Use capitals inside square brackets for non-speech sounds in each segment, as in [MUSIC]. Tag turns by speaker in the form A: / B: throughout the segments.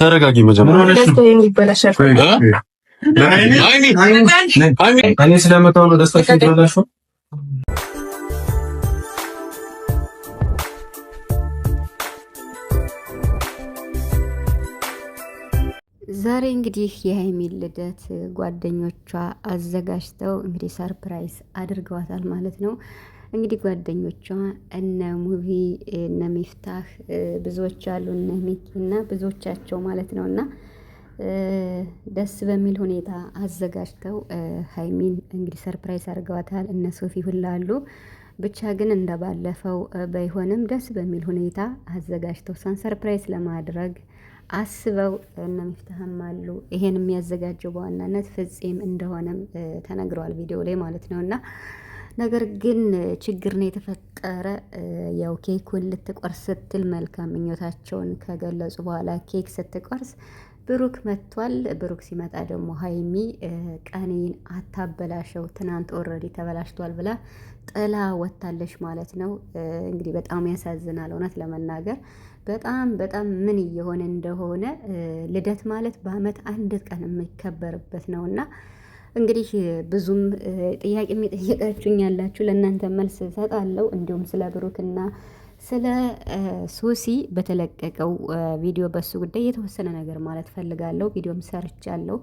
A: ተረጋጊ። መጀመሪያ ዛሬ እንግዲህ የሀይሚ ልደት ጓደኞቿ አዘጋጅተው እንግዲህ ሰርፕራይዝ አድርገዋታል ማለት ነው። እንግዲህ ጓደኞቿ እነ ሙቪ እነ ሚፍታህ ብዙዎች አሉ እነ ሚኪ እና ብዙዎቻቸው ማለት ነው እና ደስ በሚል ሁኔታ አዘጋጅተው ሀይሚን እንግዲህ ሰርፕራይዝ አድርገዋታል። እነ ሶፊ ሁላሉ አሉ። ብቻ ግን እንደባለፈው ባይሆንም ደስ በሚል ሁኔታ አዘጋጅተው ሳን ሰርፕራይዝ ለማድረግ አስበው እነ ሚፍታህም አሉ። ይሄን የሚያዘጋጀው በዋናነት ፍጼም እንደሆነም ተነግረዋል ቪዲዮ ላይ ማለት ነው እና ነገር ግን ችግር ነው የተፈጠረ። ያው ኬኩን ልትቆርስ ስትል መልካም ምኞታቸውን ከገለጹ በኋላ ኬክ ስትቆርስ ብሩክ መጥቷል። ብሩክ ሲመጣ ደግሞ ሀይሚ ቀኔን አታበላሸው፣ ትናንት ኦልሬዲ ተበላሽቷል ብላ ጥላ ወታለች ማለት ነው። እንግዲህ በጣም ያሳዝናል። እውነት ለመናገር በጣም በጣም ምን እየሆነ እንደሆነ ልደት ማለት በአመት አንድ ቀን የሚከበርበት ነውና እንግዲህ ብዙም ጥያቄ የሚጠየቃችሁኝ ያላችሁ ለእናንተ መልስ እሰጣለሁ። እንዲሁም ስለ ብሩክና ስለ ሶሲ በተለቀቀው ቪዲዮ በሱ ጉዳይ የተወሰነ ነገር ማለት ፈልጋለሁ። ቪዲዮም ሰርቻለሁ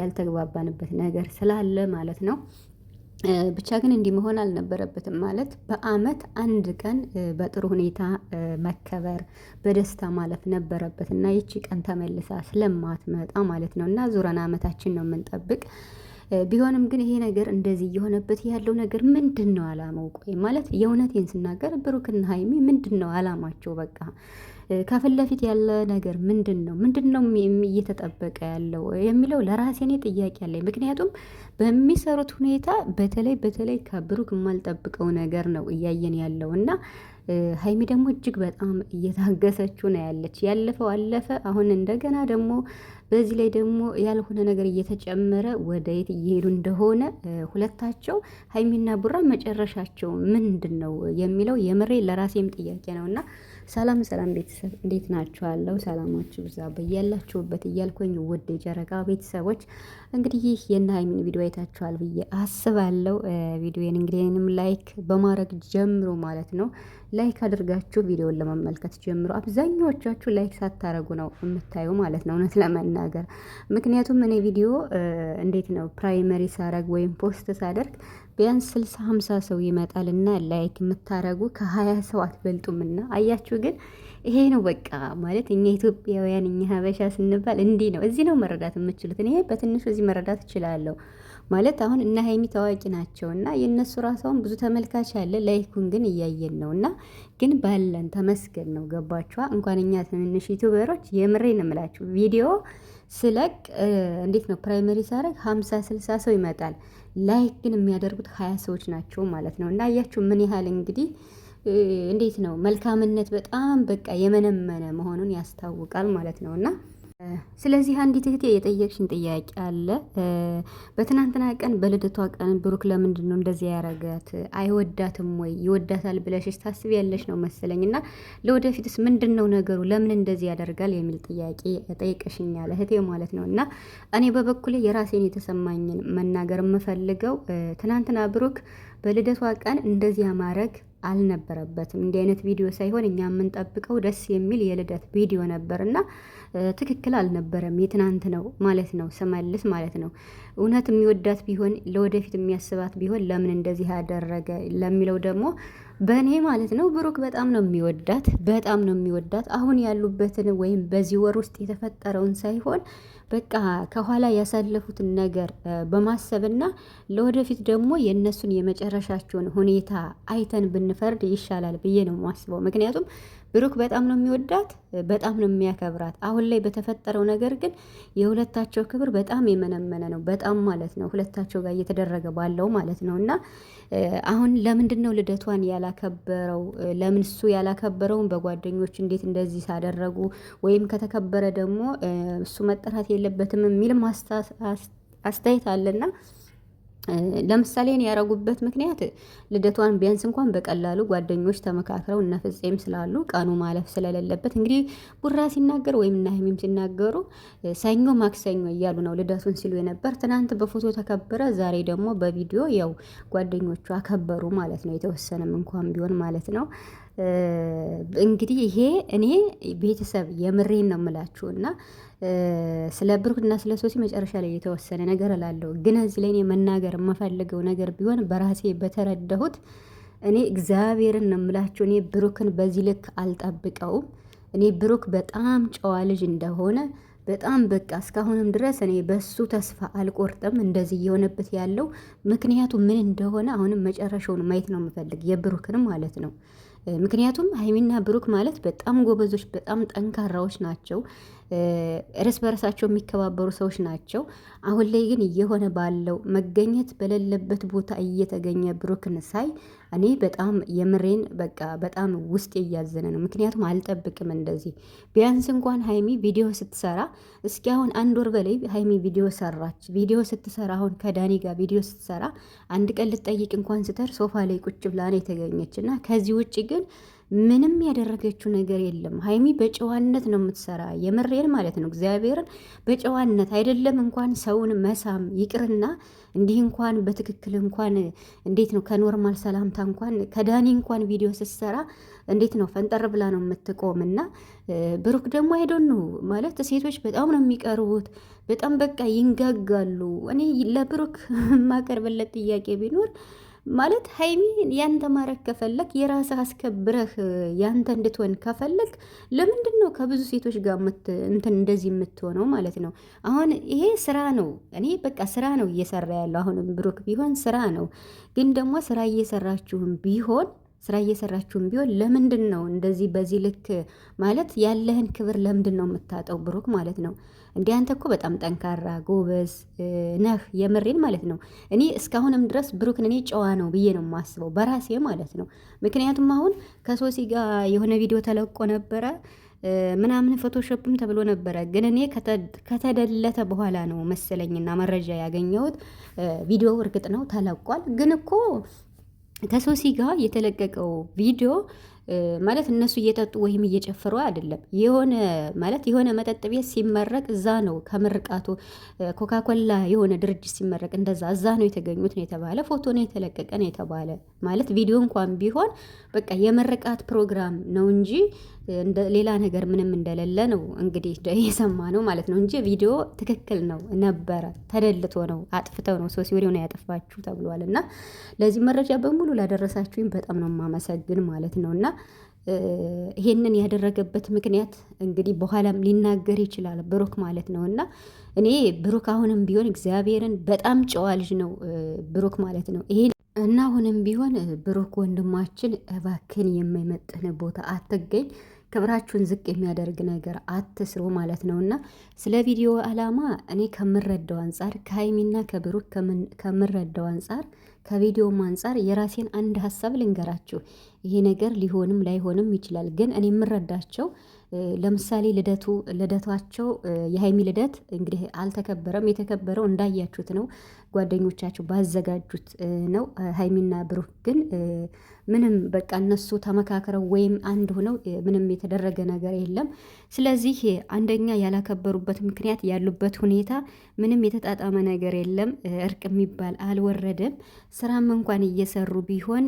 A: ያልተግባባንበት ነገር ስላለ ማለት ነው። ብቻ ግን እንዲህ መሆን አልነበረበትም። ማለት በአመት አንድ ቀን በጥሩ ሁኔታ መከበር በደስታ ማለፍ ነበረበት እና ይቺ ቀን ተመልሳ ስለማትመጣ ማለት ነው እና ዙረን አመታችን ነው የምንጠብቅ ቢሆንም ግን ይሄ ነገር እንደዚህ እየሆነበት ያለው ነገር ምንድን ነው አላማው? ቆይ ማለት የእውነቴን ስናገር ብሩክና ሀይሚ ምንድን ነው አላማቸው? በቃ ከፊት ለፊት ያለ ነገር ምንድን ነው? ምንድን ነው እየተጠበቀ ያለው የሚለው ለራሴ እኔ ጥያቄ አለኝ። ምክንያቱም በሚሰሩት ሁኔታ በተለይ በተለይ ከብሩክ የማልጠብቀው ነገር ነው እያየን ያለው እና ሀይሚ ደግሞ እጅግ በጣም እየታገሰችው ነው ያለች። ያለፈው አለፈ። አሁን እንደገና ደግሞ በዚህ ላይ ደግሞ ያልሆነ ነገር እየተጨመረ ወደ የት እየሄዱ እንደሆነ ሁለታቸው ሀይሚና ቡራ መጨረሻቸው ምንድን ነው የሚለው የምሬ ለራሴም ጥያቄ ነው እና ሰላም ሰላም ቤተሰብ እንዴት ናችኋለሁ? ሰላማችሁ ብዛ በያላችሁበት እያልኩኝ ውድ የጨረቃ ቤተሰቦች እንግዲህ ይህ የእነ ሀይሚን ቪዲዮ አይታችኋል ብዬ አስባለሁ። ቪዲዮን እንግዲህንም ላይክ በማድረግ ጀምሮ ማለት ነው ላይክ አድርጋችሁ ቪዲዮን ለመመልከት ጀምሮ አብዛኛዎቻችሁ ላይክ ሳታረጉ ነው የምታዩ ማለት ነው እውነት ለመና ለመናገር ምክንያቱም እኔ ቪዲዮ እንዴት ነው ፕራይመሪ ሳረግ ወይም ፖስት ሳደርግ ቢያንስ ስልሳ ሀምሳ ሰው ይመጣልና ላይክ የምታረጉ ከሀያ ሰው አትበልጡምና አያችሁ ግን ይሄ ነው በቃ ማለት እኛ ኢትዮጵያውያን እኛ ሀበሻ ስንባል እንዲህ ነው። እዚህ ነው መረዳት የምችሉት ይሄ በትንሹ እዚህ መረዳት እችላለሁ ማለት አሁን እና ሀይሚ ታዋቂ ናቸው እና የእነሱ ራሳውን ብዙ ተመልካች አለ። ላይኩን ግን እያየን ነው እና ግን ባለን ተመስገን ነው። ገባችኋ? እንኳን እኛ ትንንሽ ዩቱበሮች ነው እምላችሁ ቪዲዮ ስለቅ እንዴት ነው ፕራይመሪ ሳረግ ሀምሳ ስልሳ ሰው ይመጣል። ላይክ ግን የሚያደርጉት ሀያ ሰዎች ናቸው ማለት ነው እና እያችሁ ምን ያህል እንግዲህ እንዴት ነው መልካምነት በጣም በቃ የመነመነ መሆኑን ያስታውቃል ማለት ነው እና ስለዚህ አንዲት እህቴ የጠየቅሽን ጥያቄ አለ። በትናንትና ቀን በልደቷ ቀን ብሩክ ለምንድን ነው እንደዚህ ያረጋት? አይወዳትም ወይ ይወዳታል ብለሽሽ ታስብ ያለሽ ነው መሰለኝ እና ለወደፊትስ ምንድን ነው ነገሩ? ለምን እንደዚህ ያደርጋል የሚል ጥያቄ ጠይቀሽኛል እህቴ ማለት ነው እና እኔ በበኩሌ የራሴን የተሰማኝን መናገር የምፈልገው ትናንትና ብሩክ በልደቷ ቀን እንደዚያ ማድረግ አልነበረበትም። እንዲህ አይነት ቪዲዮ ሳይሆን እኛ የምንጠብቀው ደስ የሚል የልደት ቪዲዮ ነበር እና ትክክል አልነበረም። የትናንት ነው ማለት ነው ስመልስ ማለት ነው። እውነት የሚወዳት ቢሆን ለወደፊት የሚያስባት ቢሆን ለምን እንደዚህ አደረገ ለሚለው ደግሞ በእኔ ማለት ነው። ብሩክ በጣም ነው የሚወዳት፣ በጣም ነው የሚወዳት። አሁን ያሉበትን ወይም በዚህ ወር ውስጥ የተፈጠረውን ሳይሆን በቃ ከኋላ ያሳለፉትን ነገር በማሰብና ለወደፊት ደግሞ የእነሱን የመጨረሻቸውን ሁኔታ አይተን ብንፈርድ ይሻላል ብዬ ነው የማስበው። ምክንያቱም ብሩክ በጣም ነው የሚወዳት፣ በጣም ነው የሚያከብራት። አሁን ላይ በተፈጠረው ነገር ግን የሁለታቸው ክብር በጣም የመነመነ ነው። በጣም ማለት ነው ሁለታቸው ጋር እየተደረገ ባለው ማለት ነው እና አሁን ለምንድን ነው ልደቷን ያላ ያላከበረው ለምን እሱ ያላከበረውን በጓደኞች እንዴት እንደዚህ ሳደረጉ ወይም ከተከበረ ደግሞ እሱ መጠራት የለበትም የሚልም አስተያየት አለና ለምሳሌ እኔ ያረጉበት ምክንያት ልደቷን ቢያንስ እንኳን በቀላሉ ጓደኞች ተመካክረው እነፍጼም ስላሉ ቀኑ ማለፍ ስለሌለበት እንግዲህ ቡራ ሲናገር ወይም እና ሀይሚም ሲናገሩ ሰኞ ማክሰኞ እያሉ ነው ልደቱን ሲሉ የነበር። ትናንት በፎቶ ተከበረ፣ ዛሬ ደግሞ በቪዲዮ ያው ጓደኞቹ አከበሩ ማለት ነው። የተወሰነም እንኳን ቢሆን ማለት ነው። እንግዲህ ይሄ እኔ ቤተሰብ የምሬን ነው የምላችሁ እና ስለ ብሩክና ስለ ሶሲ መጨረሻ ላይ የተወሰነ ነገር እላለሁ። ግን እዚህ ላይ እኔ መናገር የምፈልገው ነገር ቢሆን በራሴ በተረዳሁት እኔ እግዚአብሔርን ነው የምላችሁ። እኔ ብሩክን በዚህ ልክ አልጠብቀውም። እኔ ብሩክ በጣም ጨዋ ልጅ እንደሆነ በጣም በቃ እስካሁንም ድረስ እኔ በሱ ተስፋ አልቆርጥም። እንደዚህ እየሆነበት ያለው ምክንያቱ ምን እንደሆነ አሁንም መጨረሻውን ማየት ነው የምፈልግ የብሩክን ማለት ነው። ምክንያቱም ሀይሚና ብሩክ ማለት በጣም ጎበዞች፣ በጣም ጠንካራዎች ናቸው። እርስ በርሳቸው የሚከባበሩ ሰዎች ናቸው። አሁን ላይ ግን እየሆነ ባለው መገኘት በሌለበት ቦታ እየተገኘ ብሩክን ሳይ እኔ በጣም የምሬን በቃ በጣም ውስጤ እያዘነ ነው። ምክንያቱም አልጠብቅም እንደዚህ ቢያንስ እንኳን ሀይሚ ቪዲዮ ስትሰራ እስኪ አሁን አንድ ወር በላይ ሀይሚ ቪዲዮ ሰራች። ቪዲዮ ስትሰራ አሁን ከዳኒ ጋር ቪዲዮ ስትሰራ አንድ ቀን ልትጠይቅ እንኳን ስተር ሶፋ ላይ ቁጭ ብላ ነው የተገኘች እና ከዚህ ውጭ ግን ምንም ያደረገችው ነገር የለም። ሀይሚ በጨዋነት ነው የምትሰራ፣ የምሬን ማለት ነው። እግዚአብሔርን በጨዋነት አይደለም እንኳን ሰውን መሳም ይቅርና እንዲህ እንኳን በትክክል እንኳን እንዴት ነው ከኖርማል ሰላምታ እንኳን ከዳኒ እንኳን ቪዲዮ ስትሰራ እንዴት ነው ፈንጠር ብላ ነው የምትቆም። እና ብሩክ ደግሞ አይዶኑ ማለት ሴቶች በጣም ነው የሚቀርቡት፣ በጣም በቃ ይንጋጋሉ። እኔ ለብሩክ [LAUGHS] የማቀርብለት ጥያቄ ቢኖር ማለት ሀይሚ ያንተ ማረግ ከፈለግ የራስህ አስከብረህ ያንተ እንድትሆን ከፈለግ ለምንድን ነው ከብዙ ሴቶች ጋር እንትን እንደዚህ የምትሆነው ማለት ነው? አሁን ይሄ ስራ ነው። እኔ በቃ ስራ ነው እየሰራ ያለው አሁንም ብሩክ ቢሆን ስራ ነው። ግን ደግሞ ስራ እየሰራችሁም ቢሆን ስራ እየሰራችሁም ቢሆን ለምንድን ነው እንደዚህ በዚህ ልክ ማለት ያለህን ክብር ለምንድን ነው የምታጠው? ብሩክ ማለት ነው እንዲህ አንተ እኮ በጣም ጠንካራ ጎበዝ ነህ፣ የምሬን ማለት ነው። እኔ እስካሁንም ድረስ ብሩክን እኔ ጨዋ ነው ብዬ ነው የማስበው በራሴ ማለት ነው። ምክንያቱም አሁን ከሶሲ ጋር የሆነ ቪዲዮ ተለቆ ነበረ ምናምን ፎቶሾፕም ተብሎ ነበረ። ግን እኔ ከተደለተ በኋላ ነው መሰለኝና መረጃ ያገኘሁት። ቪዲዮው እርግጥ ነው ተለቋል፣ ግን እኮ ከሶሲ ጋር የተለቀቀው ቪዲዮ ማለት እነሱ እየጠጡ ወይም እየጨፈሩ አይደለም። የሆነ ማለት የሆነ መጠጥ ቤት ሲመረቅ እዛ ነው ከምርቃቱ ኮካኮላ የሆነ ድርጅት ሲመረቅ እንደዛ እዛ ነው የተገኙት ነው የተባለ። ፎቶ ነው የተለቀቀ ነው የተባለ። ማለት ቪዲዮ እንኳን ቢሆን በቃ የምርቃት ፕሮግራም ነው እንጂ ሌላ ነገር ምንም እንደሌለ ነው እንግዲህ የሰማ ነው ማለት ነው እንጂ ቪዲዮ ትክክል ነው ነበረ። ተደልቶ ነው አጥፍተው ነው ሶሲ ወዲያው ነው ያጠፋችሁ ተብሏል። እና ለዚህ መረጃ በሙሉ ላደረሳችሁኝ በጣም ነው የማመሰግን ማለት ነው እና ይሄንን ያደረገበት ምክንያት እንግዲህ በኋላም ሊናገር ይችላል ብሩክ ማለት ነው እና እኔ ብሩክ አሁንም ቢሆን እግዚአብሔርን በጣም ጨዋ ልጅ ነው ብሩክ ማለት ነው። ይሄ እና አሁንም ቢሆን ብሩክ ወንድማችን እባክን የማይመጥን ቦታ አትገኝ። ክብራችሁን ዝቅ የሚያደርግ ነገር አትስሩ ማለት ነው። እና ስለ ቪዲዮ ዓላማ እኔ ከምረዳው አንጻር ከሀይሚና ከብሩክ ከምረዳው አንጻር ከቪዲዮም አንጻር የራሴን አንድ ሀሳብ ልንገራችሁ። ይሄ ነገር ሊሆንም ላይሆንም ይችላል። ግን እኔ የምረዳቸው ለምሳሌ ልደቱ ልደቷቸው የሀይሚ ልደት እንግዲህ አልተከበረም። የተከበረው እንዳያችሁት ነው፣ ጓደኞቻቸው ባዘጋጁት ነው። ሀይሚና ብሩህ ግን ምንም በቃ እነሱ ተመካክረው ወይም አንድ ሆነው ምንም የተደረገ ነገር የለም። ስለዚህ አንደኛ ያላከበሩበት ምክንያት ያሉበት ሁኔታ ምንም የተጣጣመ ነገር የለም። እርቅ የሚባል አልወረደም። ስራም እንኳን እየሰሩ ቢሆን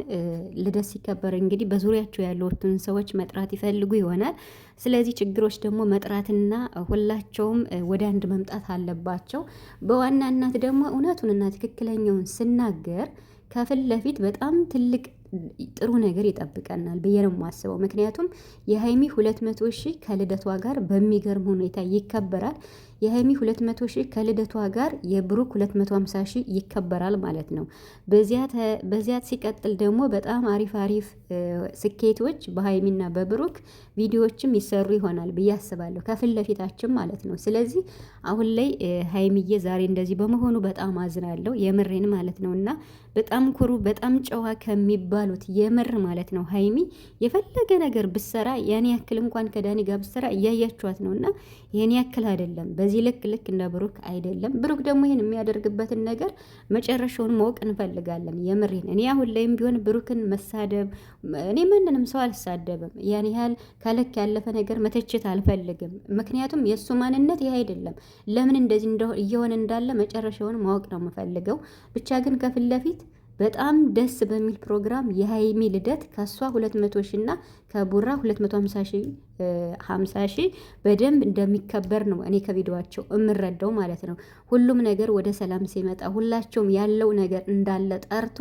A: ልደት ሲከበር እንግዲህ በዙሪያቸው ያሉትን ሰዎች መጥራት ይፈልጉ ይሆናል። ስለዚህ ችግሮች ደግሞ መጥራትና ሁላቸውም ወደ አንድ መምጣት አለባቸው። በዋናነት ደግሞ እውነቱንና ትክክለኛውን ስናገር ከፊት ለፊት በጣም ትልቅ ጥሩ ነገር ይጠብቀናል ብዬ ነው የማስበው። ምክንያቱም የሀይሚ ሁለት መቶ ሺህ ከልደቷ ጋር በሚገርም ሁኔታ ይከበራል። የሀይሚ ሁለት መቶ ሺህ ከልደቷ ጋር የብሩክ ሁለት መቶ ሀምሳ ሺህ ይከበራል ማለት ነው። በዚያት ሲቀጥል ደግሞ በጣም አሪፍ አሪፍ ስኬቶች በሀይሚና በብሩክ ቪዲዮዎችም ይሰሩ ይሆናል ብዬ አስባለሁ፣ ከፊት ለፊታችን ማለት ነው። ስለዚህ አሁን ላይ ሀይሚዬ ዛሬ እንደዚህ በመሆኑ በጣም አዝናለሁ፣ የምሬን ማለት ነው እና በጣም ኩሩ በጣም ጨዋ ከሚባል ባሉት የምር ማለት ነው። ሀይሚ የፈለገ ነገር ብሰራ ያን ያክል እንኳን ከዳኒ ጋር ብሰራ እያያችኋት ነው። እና ይህን ያክል አይደለም፣ በዚህ ልክ ልክ እንደ ብሩክ አይደለም። ብሩክ ደግሞ ይህን የሚያደርግበትን ነገር መጨረሻውን ማወቅ እንፈልጋለን። የምሬን እኔ አሁን ላይም ቢሆን ብሩክን መሳደብ እኔ ማንንም ሰው አልሳደብም። ያን ያህል ከልክ ያለፈ ነገር መተችት አልፈልግም። ምክንያቱም የእሱ ማንነት ይህ አይደለም። ለምን እንደዚህ እየሆነ እንዳለ መጨረሻውን ማወቅ ነው የምፈልገው ብቻ ግን ከፊት ለፊት በጣም ደስ በሚል ፕሮግራም የሀይሚ ልደት ከእሷ 200 ሺ እና ከቡራ 250 ሺ በደንብ እንደሚከበር ነው እኔ ከቪዲዮቸው የምረዳው ማለት ነው። ሁሉም ነገር ወደ ሰላም ሲመጣ ሁላቸውም ያለው ነገር እንዳለ ጠርቶ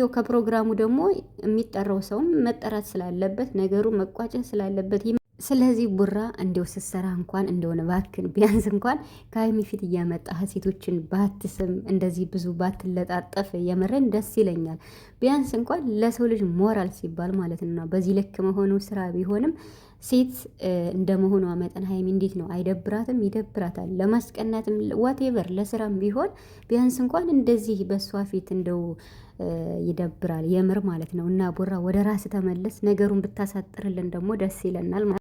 A: ይኸው ከፕሮግራሙ ደግሞ የሚጠራው ሰውም መጠራት ስላለበት ነገሩ መቋጨት ስላለበት ስለዚህ ቡራ እንደው ስትሰራ እንኳን እንደሆነ ባክን ቢያንስ እንኳን ከሀይሚ ፊት እያመጣህ ሴቶችን ባትስም እንደዚህ ብዙ ባትለጣጠፍ የምረን ደስ ይለኛል። ቢያንስ እንኳን ለሰው ልጅ ሞራል ሲባል ማለት ነው። በዚህ ልክ መሆኑ ስራ ቢሆንም ሴት እንደ መሆኗ መጠን ሀይሚ እንዴት ነው አይደብራትም? ይደብራታል። ለማስቀናትም ዋቴቨር ለስራም ቢሆን ቢያንስ እንኳን እንደዚህ በእሷ ፊት እንደው ይደብራል የምር ማለት ነው። እና ቡራ ወደ ራስ ተመለስ፣ ነገሩን ብታሳጥርልን ደግሞ ደስ ይለናል።